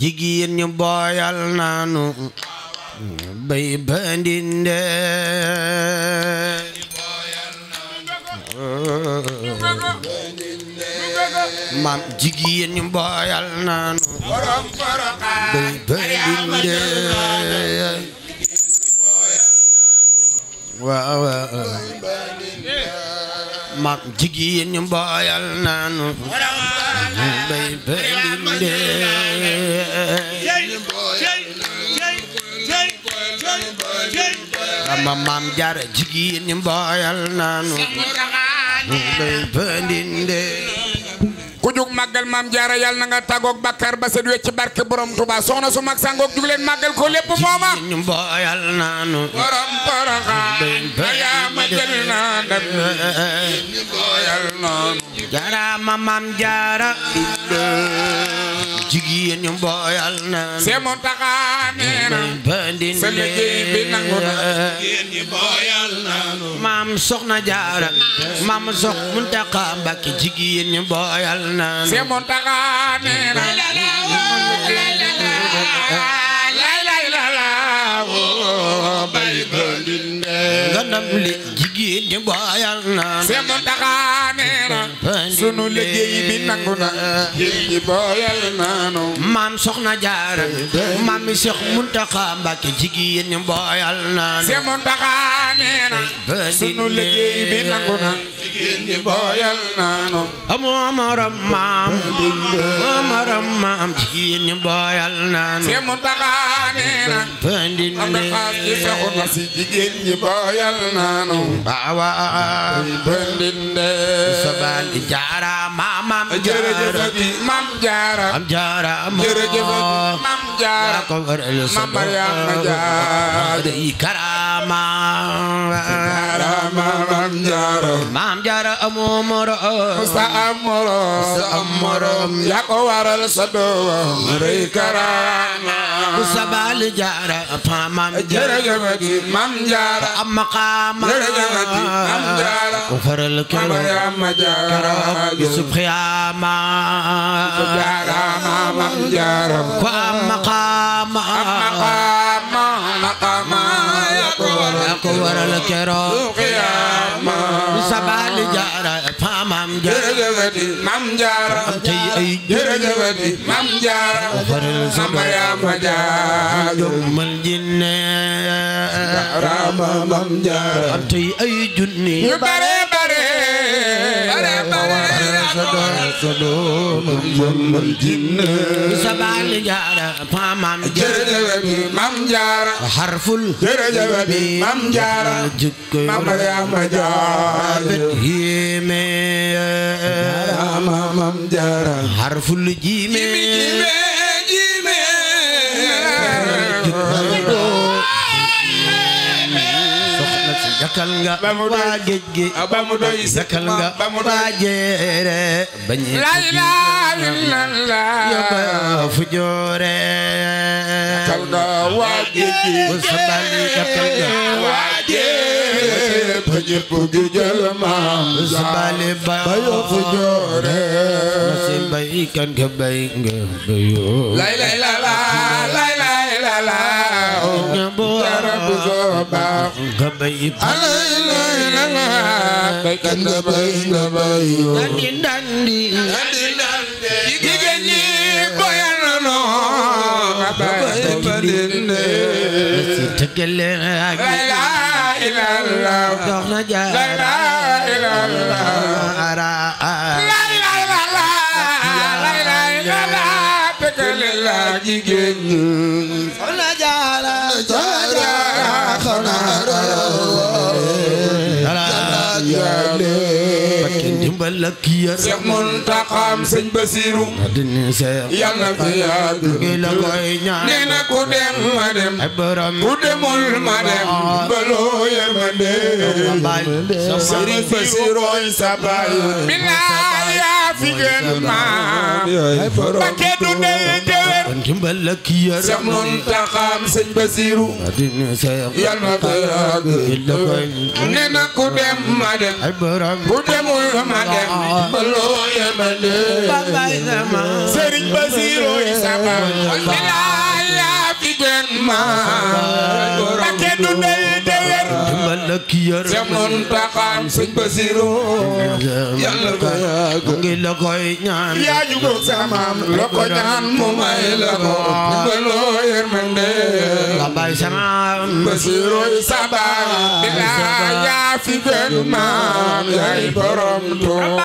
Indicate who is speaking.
Speaker 1: jigéen ñu booyal naanu bay bandinde maam jigéen ñu booyal naanu sama maam jaara jigéen ñi mbooyal naanu bay bëndinde ku jug màggal maam jaara yàlla na nga tàggoog bàkkaar ba set wecc barke borom Tuuba soxna su mag sangoog jug leen màggal ko lépp mooma ñu mbooyal naanu borom boroxa yaa ma maam jaara jigéen ñu booyal naan se mu booyal naan maam soxna jaara maam sox mu taxaa mbàkke jigéen booyal naan se mu taxaa neena bay bandinde ganam li jigéen booyal naan sunu liggéey bi nangu na ji booyal naanu maam soxna jaara maam mi Seex Muntaxa Mbàkke jigéen ñi booyal naanu Seex Muntaxa nee na sunu liggéey bi nangu na jigéen ñi booyal naanu amoo maram maam amoo maam jigéen ñi booyal naanu Seex neena am na xaas yi fexu na si jigéen ñi booyal naanu baawa bandinde sa baal di jaaraama jërëjëfati mam jaara mam jaara jërëjëfati mam jaara ko war el so mam mariama jaara yi karama karama mam jaara mam jaara amoro sa amoro sa amoro ya ko waral sa do rey karama sabal jaara fa mam jërëjëfati mam jaara am maqama jërëjëfati وفر الكلام ما جارا يوسف خيام جارا ما جارا قام مقام مقام مقام يقور يقور الكرام خيام سبال جارا فمام جارا مام جارا تي جارا مام جارا وفر الكلام ما جارا يوم الجنة جارا مام جارا تي أي جنة mam jinne sabal jaara pa mam jërëjëf bi mam jaara harful jërëjëf bi mam jaara jikko mam ma jaara yeme mam jaara harful jime sakal ah, nga waa géej gi ba mu doy sakal nga waa jeere bañ la ilaha illallah yóbba fu joore sakal nga waa géej gi bu sabali sakal nga waa jeere bañ bu gi jël maam bu sabali ba yoo fu joore si bay kan nga bay nga bayoo la ilaha illallah بابا غبي على لا لا كندبي كندبي دندي دندي جيجني بيانو غبي تكلي لا اله الا الله لا اله الا الله takkale la jigéen ñi. soxna jaara jaara soxna jaara jaara. bakki ndimbal ak yar. Seex Muntaxam sëñ Basiru. addina seex. yàlla fi yàgg. ngi la koy ñaan. nee na ku dem ma dem. ay borom ku demul ma dem. baloo yërmande sëriñ Basiru sa baay bilaay yaa fi gën maam bakke du dell ndimbal la ki yar Seex Muntaxam sëñ Basiru yal na ko yàgg ne na ku dem ma dem ku demul ma dem baloo yërmande sëriñ Basiru sa baay bilaay yaa fi gën maam bakke du dell yàlla ki yor jamono taxaam sëñ Basiru yàlla ko yàgg mu ngi la koy ñaan yaa ñu la ko ñaan mu may la ko baloo yërmande la bay samaam Basiru sabaa bilaa yaa fi gën maam yaay borom tuuba